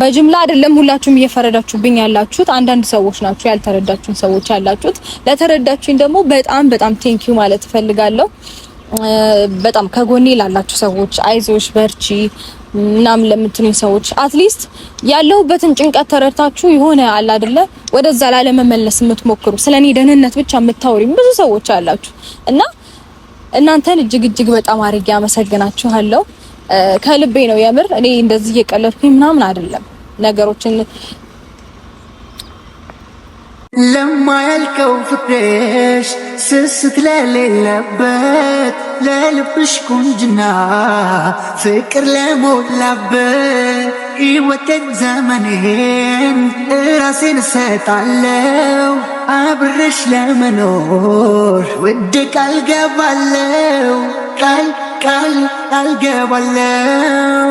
በጅምላ አይደለም ሁላችሁም እየፈረዳችሁብኝ ያላችሁት፣ አንዳንድ ሰዎች ናችሁ ያልተረዳችሁን ሰዎች ያላችሁት። ለተረዳችሁኝ ደግሞ በጣም በጣም ዩ ማለት እፈልጋለሁ። በጣም ከጎኔ ላላችሁ ሰዎች አይዞሽ በርቺ ምናምን ለምትሉኝ ሰዎች አትሊስት ያለሁበትን ጭንቀት ተረድታችሁ የሆነ አለ አይደለ ወደዛ ላለመመለስ የምትሞክሩ ስለኔ ደህንነት ብቻ የምታወሪ ብዙ ሰዎች አላችሁ እና እናንተን እጅግ እጅግ በጣም አድርጌ አመሰግናችኋለሁ። ከልቤ ነው የምር። እኔ እንደዚህ እየቀለድኩኝ ምናምን አይደለም ነገሮችን ለማያልቀው ፍቅርሽ ስስት ለሌለበት ለልብሽ ቁንጅና ፍቅር ለሞላበት ሕይወቴን ዘመኔን እራሴን እሰጣለው አብረሽ ለመኖር ውድ ቃል ገባለው ቃል ቃል ቃል ገባለው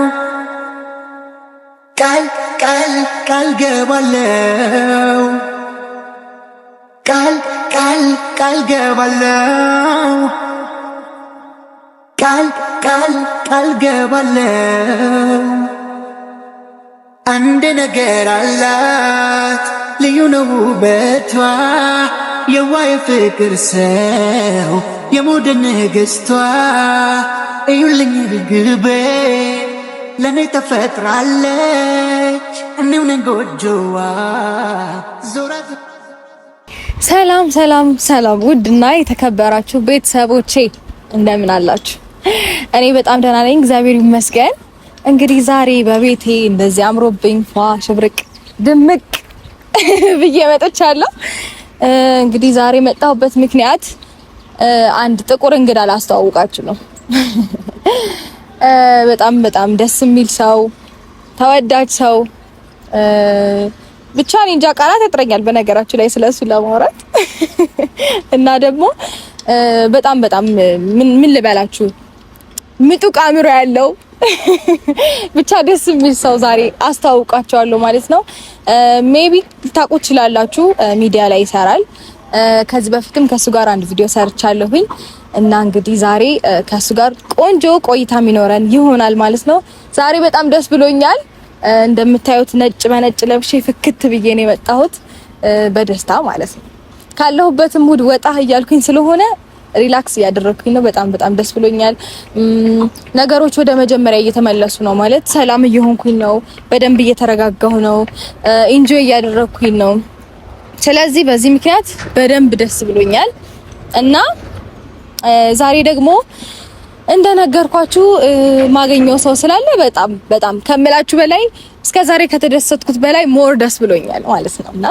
ቃል ቃል ቃል ገባለው ቃል ቃል ቃል ገባለው ቃል ቃል ቃል ገባለው አንድ ነገር አላት ልዩ ነው ውበቷ የዋ ፍቅር ሰው የሞደ ንግሥቷ እዩልኝ ርግቤ ለእኔ ተፈጥራለች እኔውነ ጎጆዋ ዞራ ሰላም ሰላም ሰላም! ውድና የተከበራችሁ ቤተሰቦቼ እንደምን አላችሁ? እኔ በጣም ደህና ነኝ፣ እግዚአብሔር ይመስገን። እንግዲህ ዛሬ በቤቴ እንደዚህ አምሮብኝ ፏ ሽብርቅ ድምቅ ብዬ መጥቻለሁ። እንግዲህ ዛሬ መጣሁበት ምክንያት አንድ ጥቁር እንግዳ ላስተዋውቃችሁ ነው። በጣም በጣም ደስ የሚል ሰው፣ ተወዳጅ ሰው ብቻ እኔ እንጃ ቃላት ያጥረኛል በነገራችሁ ላይ ስለሱ ለማውራት እና ደግሞ በጣም በጣም ምን ምን ልበላችሁ ምጡቅ አእምሮ ያለው ብቻ ደስ የሚል ሰው ዛሬ አስተዋውቃቸዋለሁ ማለት ነው። ሜቢ ልታውቁ ትችላላችሁ፣ ሚዲያ ላይ ይሰራል። ከዚህ በፊትም ከሱ ጋር አንድ ቪዲዮ ሰርቻለሁኝ እና እንግዲህ ዛሬ ከሱ ጋር ቆንጆ ቆይታ የሚኖረን ይሆናል ማለት ነው። ዛሬ በጣም ደስ ብሎኛል። እንደምታዩት ነጭ በነጭ ለብሼ ፍክት ብዬ ነው የመጣሁት በደስታ ማለት ነው። ካለሁበትም ሙድ ወጣ እያልኩኝ ስለሆነ ሪላክስ እያደረግኩኝ ነው። በጣም በጣም ደስ ብሎኛል። ነገሮች ወደ መጀመሪያ እየተመለሱ ነው ማለት ሰላም እየሆንኩኝ ነው። በደንብ እየተረጋጋሁ ነው። ኢንጆይ እያደረግኩኝ ነው። ስለዚህ በዚህ ምክንያት በደንብ ደስ ብሎኛል እና ዛሬ ደግሞ እንደነገርኳችሁ ማገኘው ሰው ስላለ በጣም በጣም ከምላችሁ በላይ እስከ ዛሬ ከተደሰትኩት በላይ ሞር ደስ ብሎኛል ማለት ነው እና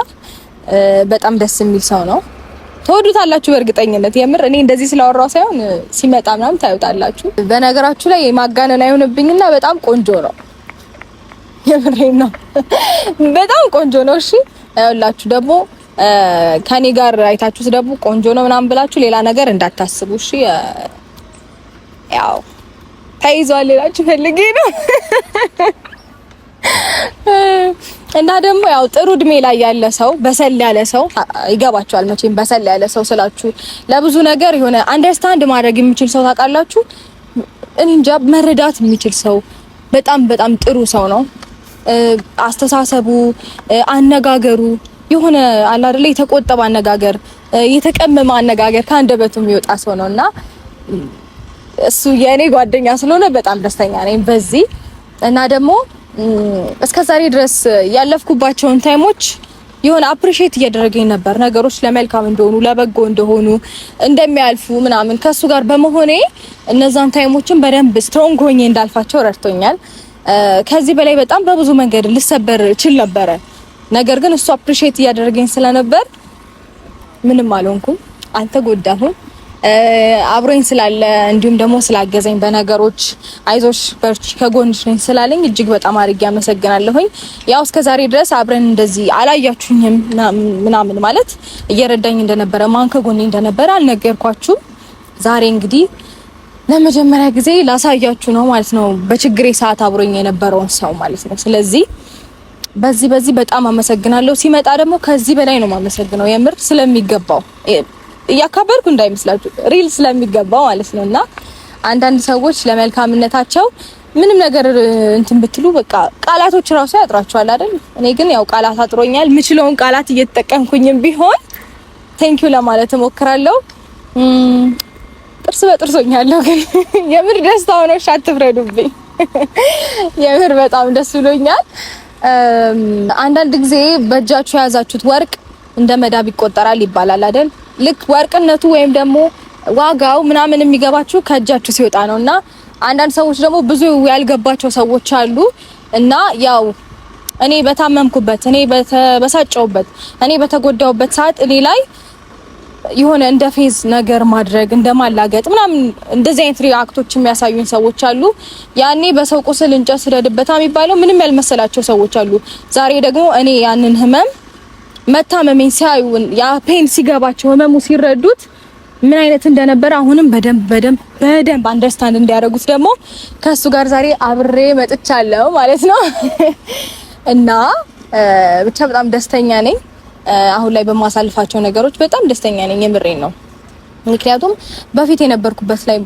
በጣም ደስ የሚል ሰው ነው። ተወዱታላችሁ በእርግጠኝነት የምር እኔ እንደዚህ ስላወራው ሳይሆን ሲመጣ ምናምን ታዩታላችሁ። በነገራችሁ ላይ የማጋነን አይሆንብኝና በጣም ቆንጆ ነው። የምሬ ነው፣ በጣም ቆንጆ ነው። እሺ ያውላችሁ ደግሞ ከኔ ጋር አይታችሁት ደግሞ ቆንጆ ነው ምናምን ብላችሁ ሌላ ነገር እንዳታስቡ። እሺ ያው ተይዟል ሌላችሁ ፈልጌ ነው እና ደግሞ ያው ጥሩ እድሜ ላይ ያለ ሰው በሰል ያለ ሰው ይገባቸዋል። መቼም በሰል ያለ ሰው ስላችሁ ለብዙ ነገር የሆነ አንደርስታንድ ማድረግ የሚችል ሰው ታውቃላችሁ። እንጃ መረዳት የሚችል ሰው በጣም በጣም ጥሩ ሰው ነው። አስተሳሰቡ፣ አነጋገሩ የሆነ አለ አይደለ የተቆጠበ አነጋገር፣ የተቀመመ አነጋገር ከአንደበቱ የሚወጣ ሰው ነውና እሱ የእኔ ጓደኛ ስለሆነ በጣም ደስተኛ ነኝ በዚህ እና ደግሞ እስከ ዛሬ ድረስ ያለፍኩባቸውን ታይሞች የሆነ አፕሪሼት እያደረገኝ ነበር። ነገሮች ለመልካም እንደሆኑ ለበጎ እንደሆኑ እንደሚያልፉ ምናምን ከሱ ጋር በመሆኔ እነዛን ታይሞችን በደንብ ስትሮንግ ሆኜ እንዳልፋቸው ረድቶኛል። ከዚህ በላይ በጣም በብዙ መንገድ ልሰበር ችል ነበረ። ነገር ግን እሱ አፕሪሼት እያደረገኝ ስለነበር ምንም አልሆንኩም፣ አልተጎዳሁም። አብሮኝ ስላለ እንዲሁም ደግሞ ስላገዘኝ በነገሮች አይዞሽ በርቺ ከጎንሽ ነኝ ስላለኝ እጅግ በጣም አድርጌ አመሰግናለሁኝ። ያው እስከ ዛሬ ድረስ አብረን እንደዚህ አላያችሁኝም ምናምን ማለት እየረዳኝ እንደነበረ ማን ከጎኔ እንደነበረ አልነገርኳችሁም። ዛሬ እንግዲህ ለመጀመሪያ ጊዜ ላሳያችሁ ነው ማለት ነው፣ በችግሬ ሰዓት አብሮኝ የነበረውን ሰው ማለት ነው። ስለዚህ በዚህ በዚህ በጣም አመሰግናለሁ። ሲመጣ ደግሞ ከዚህ በላይ ነው የማመሰግነው የምር ስለሚገባው እያካበርኩ እንዳይመስላችሁ ሪል ስለሚገባው ማለት ነውና አንዳንድ ሰዎች ለመልካምነታቸው ምንም ነገር እንትን ብትሉ በቃ ቃላቶች ራሱ ያጥራቸዋል አይደል? እኔ ግን ያው ቃላት አጥሮኛል። ምችለውን ቃላት እየተጠቀምኩኝም ቢሆን ቴንኪዩ ለማለት እሞክራለሁ። ጥርስ በጥርሶኛለሁ ግን የምር ደስታ ሆኖ አትፍረዱብኝ። የምር በጣም ደስ ብሎኛል። አንዳንድ ጊዜ በእጃችሁ የያዛችሁት ወርቅ እንደ መዳብ ይቆጠራል ይባላል አይደል? ልክ ወርቅነቱ ወይም ደግሞ ዋጋው ምናምን የሚገባችሁ ከእጃችሁ ሲወጣ ነው። እና አንዳንድ ሰዎች ደግሞ ብዙ ያልገባቸው ሰዎች አሉ። እና ያው እኔ በታመምኩበት፣ እኔ በተበሳጨውበት፣ እኔ በተጎዳውበት ሰዓት እኔ ላይ የሆነ እንደ ፌዝ ነገር ማድረግ እንደማላገጥ ምናምን እንደዚህ አይነት ሪአክቶች የሚያሳዩኝ ሰዎች አሉ። ያኔ በሰው ቁስል እንጨት ስደድበታ የሚባለው ምንም ያልመሰላቸው ሰዎች አሉ። ዛሬ ደግሞ እኔ ያንን ህመም መታመሜን ሲያዩን ያ ፔን ሲገባቸው ህመሙ ሲረዱት ምን አይነት እንደነበረ አሁንም በደንብ በደንብ በደንብ አንደርስታንድ እንዲያደርጉት ደግሞ ከሱ ጋር ዛሬ አብሬ መጥቻለሁ ማለት ነው እና ብቻ በጣም ደስተኛ ነኝ። አሁን ላይ በማሳልፋቸው ነገሮች በጣም ደስተኛ ነኝ። የምሬን ነው። ምክንያቱም በፊት የነበርኩበት ላይ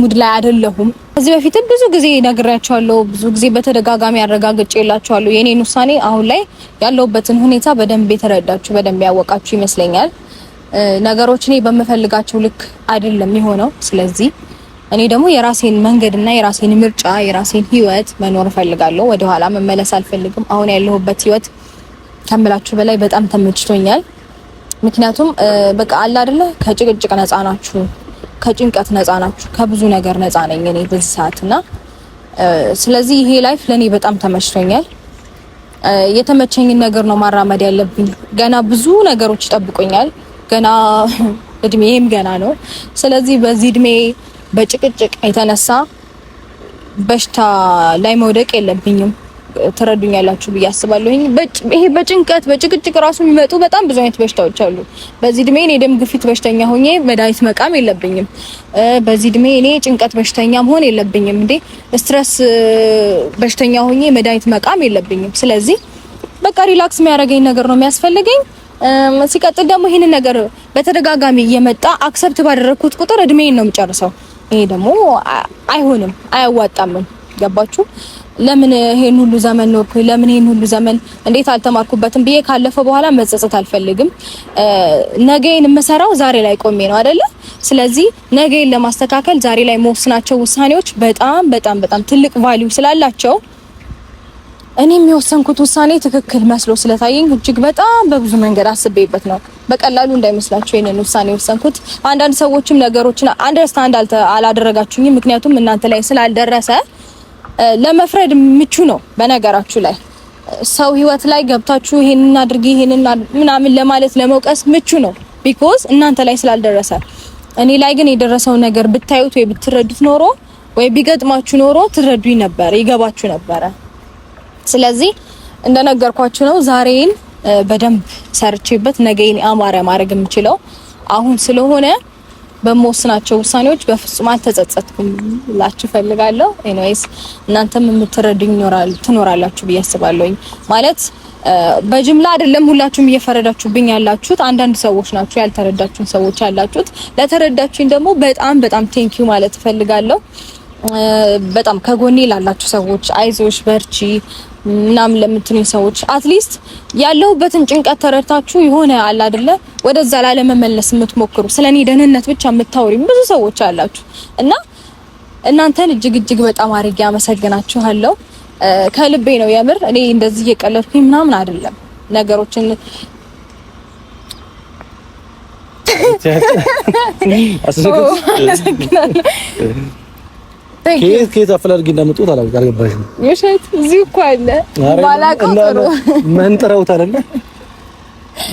ሙድ ላይ አይደለሁም። ከዚህ በፊትም ብዙ ጊዜ ነግሬያቸዋለሁ፣ ብዙ ጊዜ በተደጋጋሚ አረጋግጬ የላቸዋለሁ የኔን ውሳኔ። አሁን ላይ ያለሁበትን ሁኔታ በደንብ የተረዳችሁ በደንብ ያወቃችሁ ይመስለኛል። ነገሮች እኔ በምፈልጋቸው ልክ አይደለም የሆነው። ስለዚህ እኔ ደግሞ የራሴን መንገድና የራሴን ምርጫ የራሴን ህይወት መኖር እፈልጋለሁ። ወደኋላ መመለስ አልፈልግም። አሁን ያለሁበት ህይወት ከምላችሁ በላይ በጣም ተመችቶኛል። ምክንያቱም በቃ አለ አይደለ ከጭቅጭቅ ነፃ ናችሁ። ከጭንቀት ነፃ ናችሁ። ከብዙ ነገር ነፃ ነኝ እኔ በዚህ ሰዓት እና ስለዚህ ይሄ ላይፍ ለእኔ በጣም ተመችቶኛል። የተመቸኝን ነገር ነው ማራመድ ያለብኝ። ገና ብዙ ነገሮች ይጠብቁኛል። ገና እድሜም ገና ነው። ስለዚህ በዚህ እድሜ በጭቅጭቅ የተነሳ በሽታ ላይ መውደቅ የለብኝም። ትረዱኛላችሁ ብዬ አስባለሁ። ይሄ በጭንቀት በጭቅጭቅ ራሱ የሚመጡ በጣም ብዙ አይነት በሽታዎች አሉ። በዚህ እድሜ እኔ ደም ግፊት በሽተኛ ሆኜ መድኃኒት መቃም የለብኝም። በዚህ እድሜ እኔ ጭንቀት በሽተኛ መሆን የለብኝም። እንዴ ስትረስ በሽተኛ ሆኜ መድኃኒት መቃም የለብኝም። ስለዚህ በቃ ሪላክስ የሚያደርገኝ ነገር ነው የሚያስፈልገኝ። ሲቀጥል ደግሞ ይህንን ነገር በተደጋጋሚ እየመጣ አክሰፕት ባደረግኩት ቁጥር እድሜን ነው የምጨርሰው። ይሄ ደግሞ አይሆንም፣ አያዋጣምም። ገባችሁ? ለምን ይሄን ሁሉ ዘመን ኖርኩኝ፣ ለምን ይሄን ሁሉ ዘመን እንዴት አልተማርኩበትም ብዬ ካለፈ በኋላ መጸጸት አልፈልግም። ነገዬን የምሰራው ዛሬ ላይ ቆሜ ነው አይደለ? ስለዚህ ነገዬን ለማስተካከል ዛሬ ላይ መወስናቸው ውሳኔዎች በጣም በጣም በጣም ትልቅ ቫልዩ ስላላቸው እኔ የሚወሰንኩት ውሳኔ ትክክል መስሎ ስለታየኝ እጅግ በጣም በብዙ መንገድ አስቤበት ነው። በቀላሉ እንዳይመስላችሁ ይሄንን ውሳኔ የወሰንኩት። አንዳንድ ሰዎችም ነገሮችን አንደርስታንድ አላደረጋችሁኝም፣ ምክንያቱም እናንተ ላይ ስላልደረሰ ለመፍረድ ምቹ ነው። በነገራችሁ ላይ ሰው ህይወት ላይ ገብታችሁ ይሄንን አድርጊ ይሄንን ምናምን ለማለት ለመውቀስ ምቹ ነው። ቢኮዝ እናንተ ላይ ስላልደረሰ እኔ ላይ ግን የደረሰው ነገር ብታዩት ወይ ብትረዱት ኖሮ ወይ ቢገጥማችሁ ኖሮ ትረዱኝ ነበር፣ ይገባችሁ ነበረ። ስለዚህ እንደነገርኳችሁ ነው ዛሬን በደንብ ሰርቼበት ነገን አማረ ማድረግ የምችለው አሁን ስለሆነ በመወስናቸው ውሳኔዎች በፍጹም አልተጸጸትኩም ላችሁ ፈልጋለሁ። ኤኒዌይስ እናንተም የምትረዱኝ ትኖራላችሁ ብዬ አስባለሁኝ። ማለት በጅምላ አይደለም ሁላችሁም እየፈረዳችሁብኝ ያላችሁት፣ አንዳንድ ሰዎች ናችሁ ያልተረዳችሁን ሰዎች ያላችሁት። ለተረዳችሁኝ ደግሞ በጣም በጣም ቴንኪዩ ማለት ፈልጋለሁ። በጣም ከጎኔ ላላችሁ ሰዎች አይዞሽ በርቺ ምናምን ለምትሉኝ ሰዎች አትሊስት ያለሁበትን ጭንቀት ተረድታችሁ የሆነ አለ አይደለ ወደዛ ላለመመለስ የምትሞክሩ ስለኔ ደህንነት ብቻ የምታወሪ ብዙ ሰዎች አላችሁ እና እናንተን እጅግ እጅግ በጣም አድርጌ አመሰግናችኋለሁ። ከልቤ ነው የምር። እኔ እንደዚህ እየቀለድኩኝ ምናምን አይደለም ነገሮችን አመሰግናለሁ። ከየት ከየት አፈላልጌ እንዳመጡት አላውቅም፣ አልገባሽም? የሸት እኮ አለ ባላቀው ጥሩ መንጥረውታል አይደለ?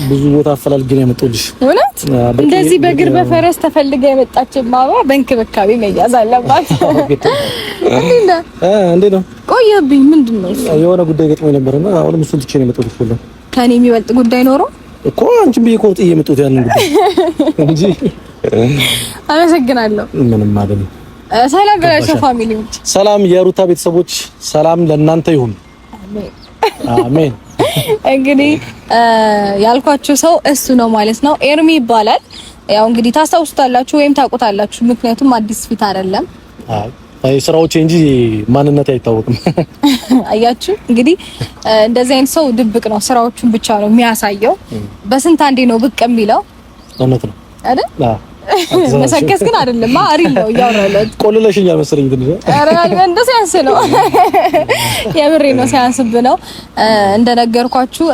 ብዙ ቦታ አፈላልጌ ነው ያመጡልሽ። እውነት እንደዚህ በእግር በፈረስ ተፈልጋ የመጣች ማባ በእንክብካቤ መያዝ አለባት። እንዴት ነው ቆየብኝ? ምንድን ነው የሆነ ጉዳይ ገጥሞኝ ነበርና አሁንም እሱን ትቼ ነው የመጡልሽ። ሁሉ ከኔ የሚበልጥ ጉዳይ ኖሮ እኮ አንቺም ብዬሽ እኮ ጥዬ ያንን ጉዳይ እንጂ። አመሰግናለሁ። ምንም አይደለም። ሰላም በላቸው ፋሚሊዎች፣ ሰላም የሩታ ቤተሰቦች፣ ሰላም ለእናንተ ይሁን። አሜን። እንግዲህ ያልኳችሁ ሰው እሱ ነው ማለት ነው። ኤርሚ ይባላል። ያው እንግዲህ ታስታውሱታላችሁ ወይም ታውቁታላችሁ፣ ምክንያቱም አዲስ ፊት አይደለም። አይ ስራዎች እንጂ ማንነት አይታወቅም። አያችሁ እንግዲህ እንደዚህ አይነት ሰው ድብቅ ነው፣ ስራዎቹን ብቻ ነው የሚያሳየው። በስንት አንዴ ነው ብቅ የሚለው። እውነት ነው አይደል? መሰከስ ግን አይደለም አሪ ነው። እያወራለት ቆልለሽኛል መሰለኝ ትንሽ። ኧረ እንደ ሲያንስ ነው የብሬ ነው ሲያንስብ ነው። እንደነገርኳችሁ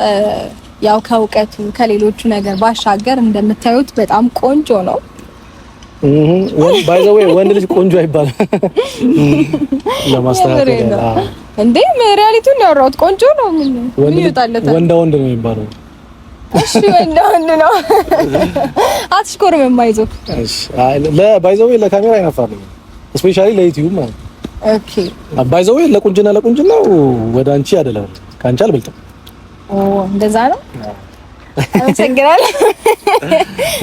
ያው ከእውቀቱ ከሌሎቹ ነገር ባሻገር እንደምታዩት በጣም ቆንጆ ነው። ባይ ዘ ዌይ ወንድ ልጅ ቆንጆ አይባልም። ለማስተካከል እንዴ ሪያሊቲውን ያወራሁት ቆንጆ ነው። ምን ይወጣለታል? ወንድ ወንድ ነው የሚባለው እሺ ለወንድ ነው አትሽኮርም የማይዞህ ባይዘዌ ለካሜራ አይነፋም እስፔሻሊ ለዩቲዩብ ማለት ኦኬ ባይዘዌ ለቁንጅና ለቁንጅና ወደ አንቺ አይደለም ከአንቺ አልበልጥም ኦ እንደዛ ነው አመሰግናለሁ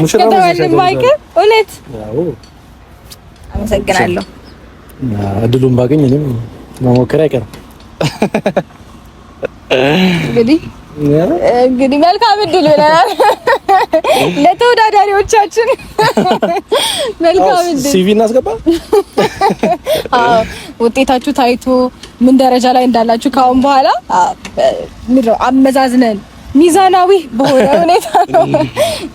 ሙሽራው ማይከል እውነት አመሰግናለሁ እድሉን ባገኝ እኔም መሞከር አይቀርም እንግዲህ እንግዲህ መልካም እድል ብለናል ለተወዳዳሪዎቻችን። መልካም እድል ሲቪ እናስገባ። አዎ ውጤታችሁ ታይቶ ምን ደረጃ ላይ እንዳላችሁ ከአሁን በኋላ ምድረው አመዛዝነን ሚዛናዊ በሆነ ሁኔታ ነው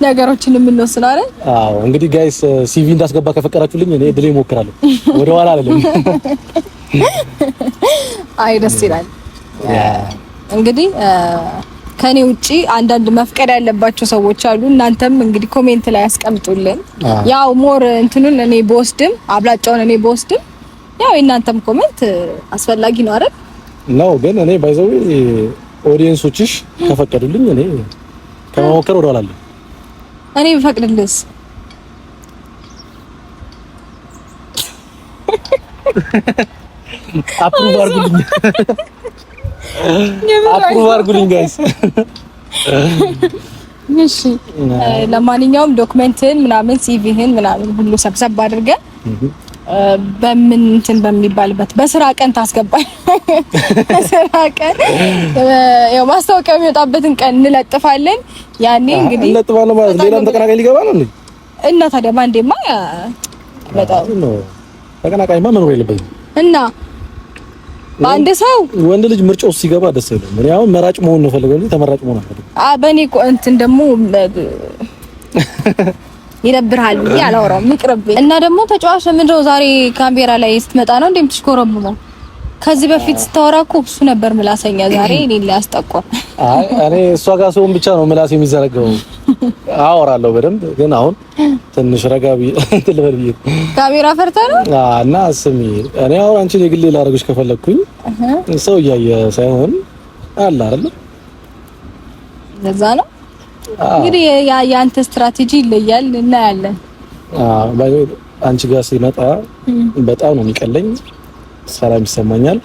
ነገሮችን የምንወስነው አይደል? አዎ እንግዲህ ጋይስ ሲቪ እንዳስገባ ከፈቀዳችሁልኝ እኔ እድሌ እሞክራለሁ። ወደ ኋላ አይደለም። አይ ደስ ይላል። እንግዲህ ከኔ ውጪ አንዳንድ መፍቀድ ያለባቸው ሰዎች አሉ። እናንተም እንግዲህ ኮሜንት ላይ ያስቀምጡልን። ያው ሞር እንትኑን እኔ በወስድም አብላጫውን እኔ በወስድም ያው የእናንተም ኮሜንት አስፈላጊ ነው አይደል? ነው ግን እኔ ባይዘው ኦዲየንሶችሽ ከፈቀዱልኝ እኔ ከመሞከር ወደ ኋላ እኔ ብፈቅድልስ አፕሩቭ አድርጉልኝ አፕሩቭ አድርጉልኝ ጋይስ። እሺ ለማንኛውም ዶክመንትን ምናምን ሲቪህን ምናምን ሁሉ ሰብሰብ አድርገን በምን እንትን በሚባልበት በስራ ቀን ታስገባል። በስራ ቀን ያው ማስታወቂያ የሚወጣበትን ቀን እንለጥፋለን። ያኔ እንግዲህ እንለጥፋለን ማለት ሌላም ተቀናቃኝ ሊገባ ነው እንዴ? እና ታዲያ ባንዴማ በጣም ተቀናቃኝማ መኖር የለበትም እና አንድ ሰው ወንድ ልጅ ምርጫው ሲገባ ደስ አይልም። እኔ አሁን መራጭ መሆን ነው ፈልገው እንጂ ተመራጭ መሆን አልፈልግም። አዎ በእኔ እኮ እንትን ደግሞ ይነብርሃል ብዬ አላወራውም፣ ይቅርብኝ። እና ደግሞ ተጫዋች ነው ዛሬ ካሜራ ላይ ስትመጣ ነው እንደምትሽኮረሙ ነው ከዚህ በፊት ስታወራ እኮ እሱ ነበር ምላሰኛ። ዛሬ እኔ ሊያስጠቆም። አይ እኔ እሷ ጋር ሰውን ብቻ ነው ምላስ የሚዘረገው። አወራለሁ በደንብ ግን አሁን ትንሽ ረጋ ብዬ ትልበል ካሜራ ፈርታ ነው እና ስሚ፣ እኔ አሁን አንቺን የግሌ ላደርግሽ ከፈለግኩኝ ሰው እያየ ሳይሆን አለ አይደል? ለዛ ነው እንግዲህ የአንተ ስትራቴጂ ይለያል፣ እናያለን። አንቺ ጋር ሲመጣ በጣም ነው የሚቀለኝ ሰላም ይሰማኛል።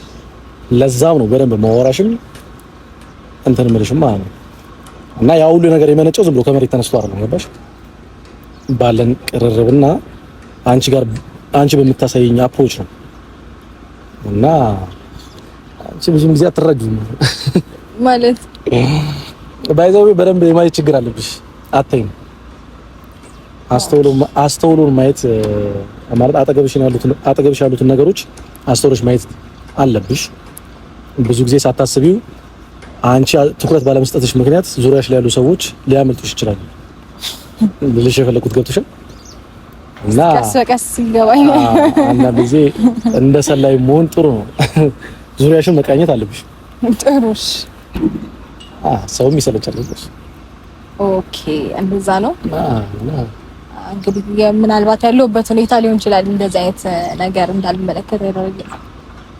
ለዛም ነው በደንብ ማወራሽም እንትን ምልሽም ማለት ነው። እና ያ ሁሉ ነገር የመነጨው ዝም ብሎ ከመሬት ተነስቶ አይደለም። ገባሽ? ባለን ቅርርብና አንቺ ጋር አንቺ በምታሳየኝ አፕሮች ነው። እና አንቺ ብዙም ጊዜ አትረጅም ማለት ባይዘው በደንብ የማየት ችግር አለብሽ። አተኝ አስተውሎን ማየት ማለት አጠገብሽ ያሉት አጠገብሽ ያሉትን ነገሮች አስተውለሽ ማየት አለብሽ። ብዙ ጊዜ ሳታስቢው አንቺ ትኩረት ባለመስጠትሽ ምክንያት ዙሪያሽ ላይ ያሉ ሰዎች ሊያመልጡሽ ይችላሉ። ልልሽ የፈለኩት ገብቶሻል። እና ቀስ ይገባኝ እና ጊዜ እንደ ሰላይ መሆን ጥሩ ነው። ዙሪያሽን መቃኘት አለብሽ። ጥሩሽ ሰውም ይሰለቻል። ኦኬ እንደዛ ነው። እንግዲህ ምናልባት ያለሁበት ሁኔታ ሊሆን ይችላል እንደዚህ አይነት ነገር እንዳልመለከት ያደረገኝ።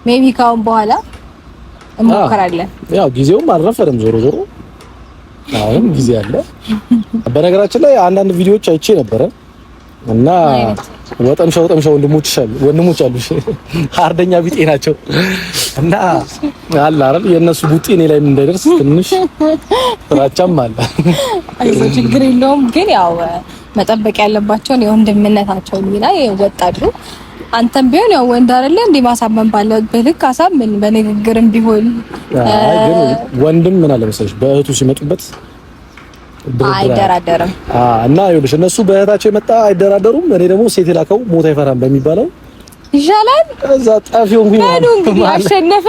ሜቢ ካሁን በኋላ እሞክራለን። ያው ጊዜውም አልረፈደም። ዞሮ ዞሮ አሁን ጊዜ አለ። በነገራችን ላይ አንዳንድ ቪዲዮዎች አይቼ ነበረ እና ወጠምሻ ወጠምሻ ወንድሞች አሉ ወንድሞች አሉ አርደኛ ቢጤ ናቸው። እና አለ አይደል የእነሱ ቡጤ እኔ ላይ እንዳይደርስ ትንሽ ፍራቻም አለ። አይዞ ችግር የለውም ግን ያው መጠበቅ ያለባቸውን የወንድምነታቸውን ሚና ይወጣሉ። አንተም ቢሆን ያው ወንድ አይደለ እንዴ ማሳመን ባለበት ልክ አሳምን፣ በንግግርም ቢሆን ግን ወንድም ምን አለ መሰለሽ በእህቱ ሲመጡበት አይደራደርም እና ይኸውልሽ፣ እነሱ በእህታቸው የመጣ አይደራደሩም። እኔ ደግሞ ሴት የላከው ሞት አይፈራም በሚባለው ይሻላል። እዛ ጠፊው እንግዲህ አሸነፈ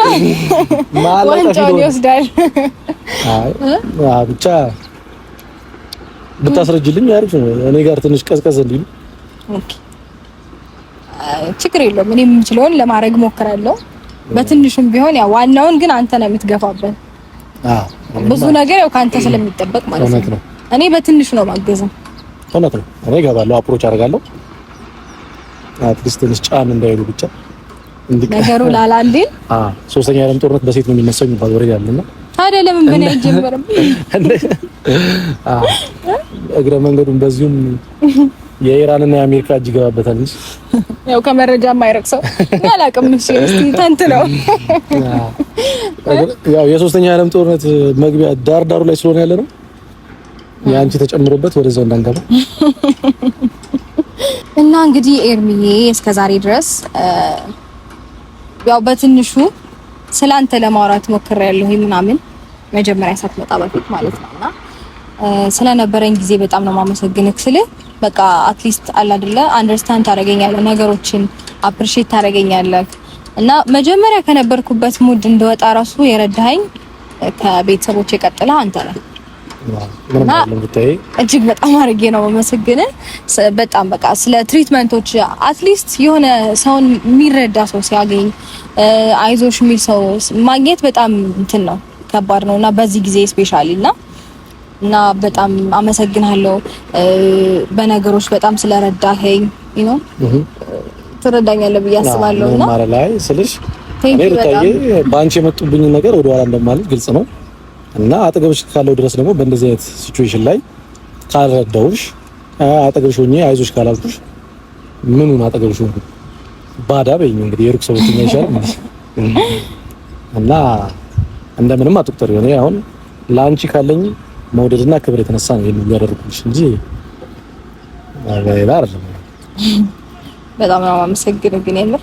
ዋንጫውን ይወስዳል። ብቻ ብታስረጅልኝ አሪፍ ነው። እኔ ጋር ትንሽ ቀዝቀዝ እንዲሉ ችግር የለውም። እኔ የምችለውን ለማድረግ ሞክራለሁ፣ በትንሹም ቢሆን ያ ዋናውን ግን አንተ ነው የምትገፋበት ብዙ ነገር ያው ካንተ ስለሚጠበቅ ማለት ነው። እኔ በትንሽ ነው ማገዝም እውነት ነው። እኔ እገባለሁ፣ አፕሮች አደርጋለሁ። አትሊስት ትንሽ ጫን እንዳይሉ ብቻ ነገሩ ላላልል። አዎ ሶስተኛ ዓለም ጦርነት በሴት ነው የሚነሳው የሚባል ወሬ ያለና ታዲያ ለምን በኔ አይጀመርም? አዎ እግረ መንገዱን በዚሁም የኢራንና የአሜሪካ እጅ ይገባበታል እንጂ ያው ከመረጃ የማይረቅ ሰው አላውቅም። እሺ እስቲ ተንት ነው ያው የሶስተኛ ዓለም ጦርነት መግቢያ ዳር ዳሩ ላይ ስለሆነ ያለ ነው። የአንቺ ተጨምሮበት ወደዛው እንዳንገባ እና እንግዲህ ኤርሚዬ እስከዛሬ ድረስ ያው በትንሹ ስላንተ ለማውራት ሞክሬያለሁ ምናምን መጀመሪያ ሳትመጣ በፊት ማለት ነውና ስለነበረኝ ጊዜ በጣም ነው የማመሰግንህ ስልህ በቃ አትሊስት አለ አይደለ አንደርስታንድ ታደርገኛለህ፣ ነገሮችን አፕሪሼት ታደርገኛለህ። እና መጀመሪያ ከነበርኩበት ሙድ እንደወጣ ራሱ የረዳኸኝ ከቤተሰቦቼ ቀጥለህ አንተ ነህ። እጅግ በጣም አድርጌ ነው መሰግነ በጣም በቃ ስለ ትሪትመንቶች አትሊስት የሆነ ሰውን የሚረዳ ሰው ሲያገኝ አይዞሽ የሚል ሰው ማግኘት በጣም እንትን ነው ከባድ ነው እና በዚህ ጊዜ ስፔሻሊ እና እና በጣም አመሰግናለሁ በነገሮች በጣም ስለረዳኸኝ ነው። ትረዳኛለህ ብዬ አስባለሁ እና ላይ ስልሽ በአንቺ የመጡብኝ ነገር ወደ ኋላ እንደማለት ግልጽ ነው እና አጠገብሽ ካለው ድረስ ደግሞ በእንደዚህ አይነት ሲቹዌሽን ላይ ካልረዳውሽ አጠገብሽ ሆኜ አይዞሽ ካላልኩሽ ምኑን አጠገብሽ ሆኜ ባዳ በይኝ። እንግዲህ የሩቅ ሰዎች ይሻል እና እንደምንም አትቁጠር። አሁን ለአንቺ ካለኝ መውደድና ክብር የተነሳ ነው ይሄን ያደረኩልሽ እንጂ ሌላ አይደለም። በጣም ነው የማመሰግነው። ግን የምር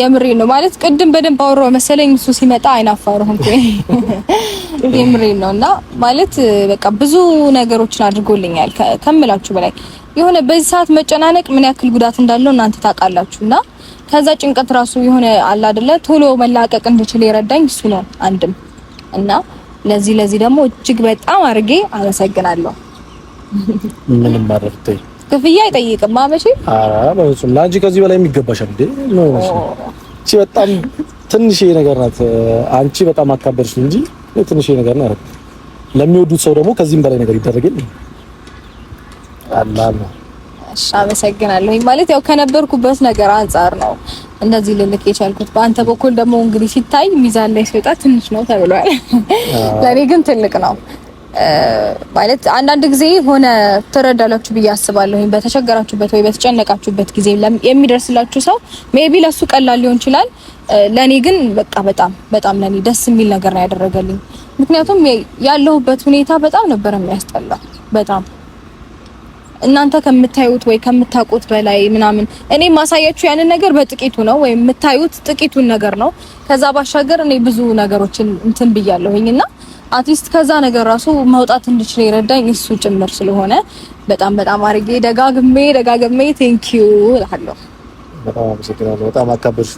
የምሬ ነው ማለት ቅድም በደንብ አወራሁ መሰለኝ እሱ ሲመጣ አይናፋር ሆንኩኝ። የምሬ ነውና ማለት በቃ ብዙ ነገሮችን አድርጎልኛል ከምላችሁ በላይ የሆነ በዚህ ሰዓት መጨናነቅ ምን ያክል ጉዳት እንዳለው እናንተ ታውቃላችሁ። እና ከዛ ጭንቀት ራሱ የሆነ አለ አይደለ ቶሎ መላቀቅ እንድችል የረዳኝ እሱ ነው አንድም እና ለዚህ ለዚህ ደግሞ እጅግ በጣም አድርጌ አመሰግናለሁ። ምንም ማረፍቴ ክፍያ አይጠይቅም። አመጪ አራ በፍጹም ላንቺ ከዚህ በላይ የሚገባሽ እንዴ ነው እሺ። በጣም ትንሽዬ ነገር ናት። አንቺ በጣም አካበድሽ እንጂ ትንሽዬ ነገር ናት። ለሚወዱት ሰው ደግሞ ከዚህም በላይ ነገር ይደረግልኝ አላህ አመሰግናለሁ። ማለት ያው ከነበርኩበት ነገር አንጻር ነው እንደዚህ ልልክ የቻልኩት። በአንተ በኩል ደግሞ እንግዲህ ሲታይ ሚዛን ላይ ሲወጣ ትንሽ ነው ተብሏል። ለኔ ግን ትልቅ ነው። ማለት አንዳንድ ጊዜ ሆነ ትረዳላችሁ ብዬ አስባለሁ። በተቸገራችሁበት ወይ በተጨነቃችሁበት ጊዜ የሚደርስላችሁ ሰው ሜቢ ለሱ ቀላል ሊሆን ይችላል። ለኔ ግን በቃ በጣም በጣም ለኔ ደስ የሚል ነገር ነው ያደረገልኝ። ምክንያቱም ያለሁበት ሁኔታ በጣም ነበር የሚያስጠላ በጣም እናንተ ከምታዩት ወይ ከምታውቁት በላይ ምናምን እኔ ማሳያችሁ ያንን ነገር በጥቂቱ ነው ወይም የምታዩት ጥቂቱን ነገር ነው። ከዛ ባሻገር እኔ ብዙ ነገሮችን እንትን ብያለሁኝ እና አትሊስት ከዛ ነገር ራሱ መውጣት እንድችል የረዳኝ እሱ ጭምር ስለሆነ በጣም በጣም አርጌ ደጋግሜ ደጋግሜ ቴንክ ዩ እላለሁ። በጣም አመሰግናለሁ። በጣም አካበድሽ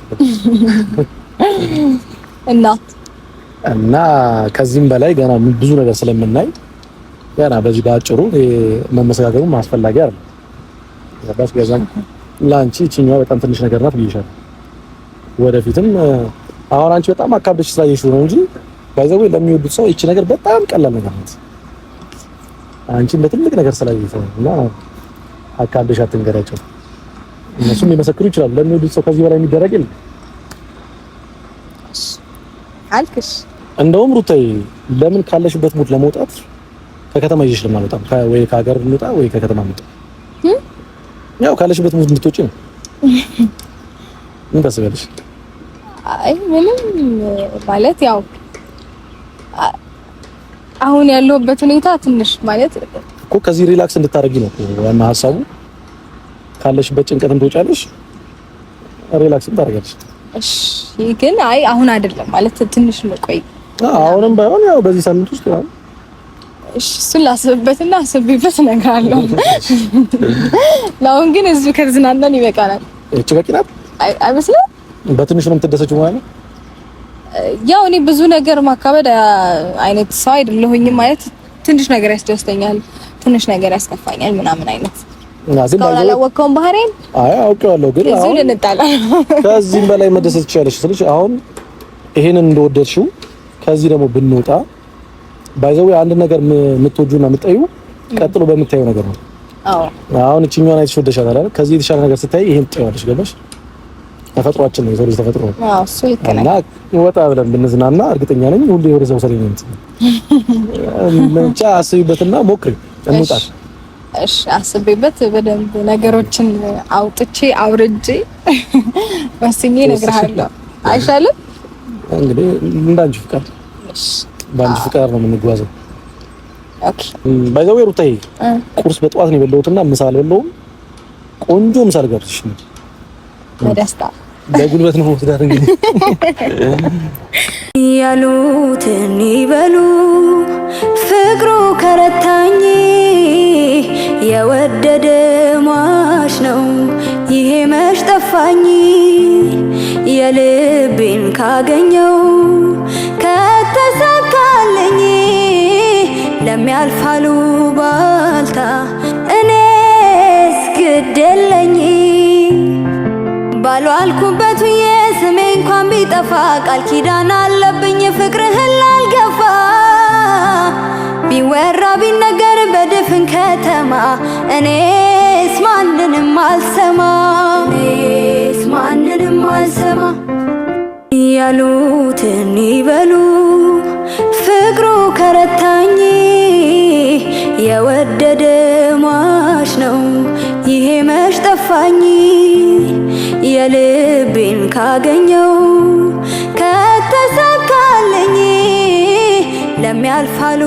እና እና ከዚህም በላይ ገና ብዙ ነገር ስለምናይ ገና በዚህ በአጭሩ መመሰጋገሩ ማስፈላጊ አይደለም። ያባስ ገዛም ላንቺ እቺኛዋ በጣም ትንሽ ነገር ናት ብዬሻል። ወደፊትም አሁን አንቺ በጣም አካብደሽ ስላየሽው ነው እንጂ ባይዘው ለሚወዱት ሰው እቺ ነገር በጣም ቀላል ነገር ናት። አንቺ እንደ ትልቅ ነገር ስላየሽው ነው እና አካብደሽ አትንገሪያቸው። እነሱም ሊመሰክሩ ይችላሉ። ለሚወዱት ሰው ከዚህ በላይ የሚደረግ የለም አልክሽ። እንደውም ሩታዬ ለምን ካለሽበት ሙድ ለመውጣት ከከተማ ይዤሽ ለማልወጣ ወይ ከሀገር ልውጣ ወይ ከከተማ ልውጣ። ያው ካለሽበት ሙድ እንድትወጪ ነው። ምን ታስቢያለሽ? አይ ምንም ማለት ያው አሁን ያለሁበት ሁኔታ ትንሽ ማለት እኮ ከዚህ ሪላክስ እንድታደርጊ ነው ዋና ሀሳቡ። ካለሽበት ጭንቀት እንትወጫለሽ፣ ሪላክስ እንድታደርጊያለሽ። እሺ ግን አይ አሁን አይደለም ማለት ትንሽ ነው። ቆይ አሁንም ባይሆን ያው በዚህ ሳምንት ውስጥ እሱን ላስብበትና አስቤበት እነግርሃለሁ። ለአሁን ግን እዚሁ ከዝናናን ይበቃናል። እቺ በቂ ናት አይመስልም? በትንሹ ነው የምትደሰችው ማለት ነው። ያው እኔ ብዙ ነገር ማካበድ አይነት ሰው አይደለሁኝም ማለት ትንሽ ነገር ያስደስተኛል፣ ትንሽ ነገር ያስከፋኛል ምናምን አይነት አላወቅከውም ባህሬን። አይ አውቄዋለሁ፣ ግን አሁን ልንጣላ ከዚህም በላይ መደሰት ትችያለሽ ስልሽ አሁን ይሄንን እንደወደድሽው ከዚህ ደግሞ ብንወጣ ባይዘው አንድ ነገር የምትወጁና የምትጠዩ ቀጥሎ በምታየው ነገር ነው። አዎ አሁን እቺኛው አይተሽ ወደሻታል አይደል? ከዚህ የተሻለ ነገር ስታይ ይሄን ትጠይዋለሽ። ገባሽ? ተፈጥሯችን ነው፣ የሰው ልጅ ተፈጥሮ አዎ እሱ ይከናል። እና ወጣ ብለን ብንዝናና እርግጠኛ ነኝ ሁሌ ወደ ሰው ሰለኝ ነው። ብቻ አስቢበትና ሞክሪ፣ እንውጣ። እሺ አስቤበት በደንብ ነገሮችን አውጥቼ አውርጄ ወስኜ እነግርሃለሁ። አይሻልም? እንግዲህ እንዳንቺ ፍቃድ። እሺ በአንድ ፍቃድ ነው የምንጓዘው። ኦኬ ባይ ዘ ወይ ሩታዬ፣ ቁርስ በጠዋት ነው የበላሁትና ምሳ አልበላሁም። ቆንጆ ምሳ ልጋብዝሽ ነው። በደስታ በጉልበት ነው ወስዳት። እንግዲህ ያሉትን ይበሉ ፍቅሩ ከረታኝ የወደደ ሟች ነው ይሄ መች ጠፋኝ የልቤን ካገኘው ያልፋሉ ባልታ እኔስ ግድ የለኝ ባሉ አልኩበት ውዬ ስሜ እንኳን ቢጠፋ ቃል ኪዳን አለብኝ ፍቅርህን ላልገፋ ቢወራ ቢነገር በድፍን ከተማ እኔስ ማንንም አልሰማ እኔስ ማንንም አልሰማ ያሉትን ይበሉ ፍቅሩ ከረታ የወደደ ሟች ነው ይሄ መች ጠፋኝ የልቤን ካገኘው ከተሳካልኝ ለሚያልፋሉ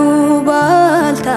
ባልታ